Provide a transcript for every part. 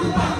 Touba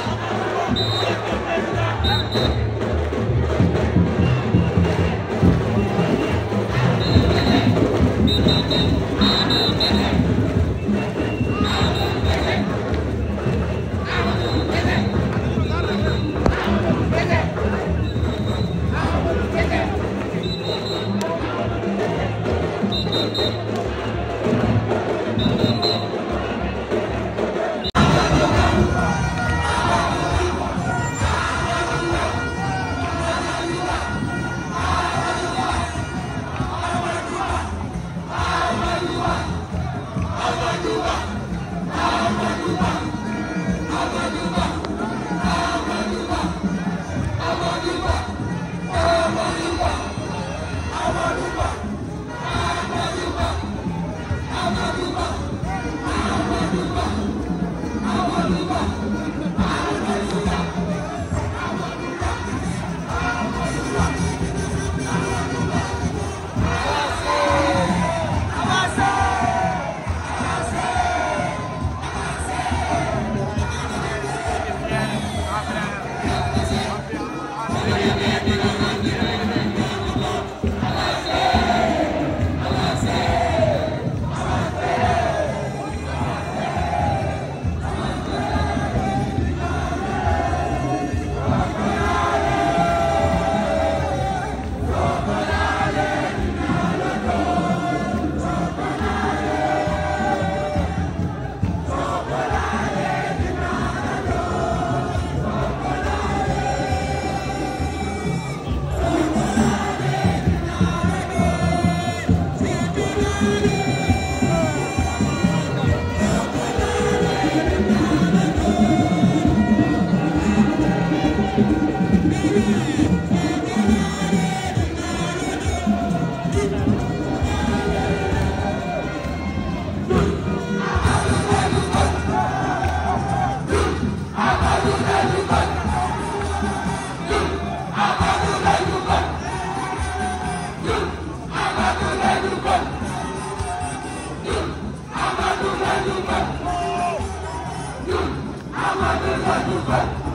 Ahmadu Ladoufal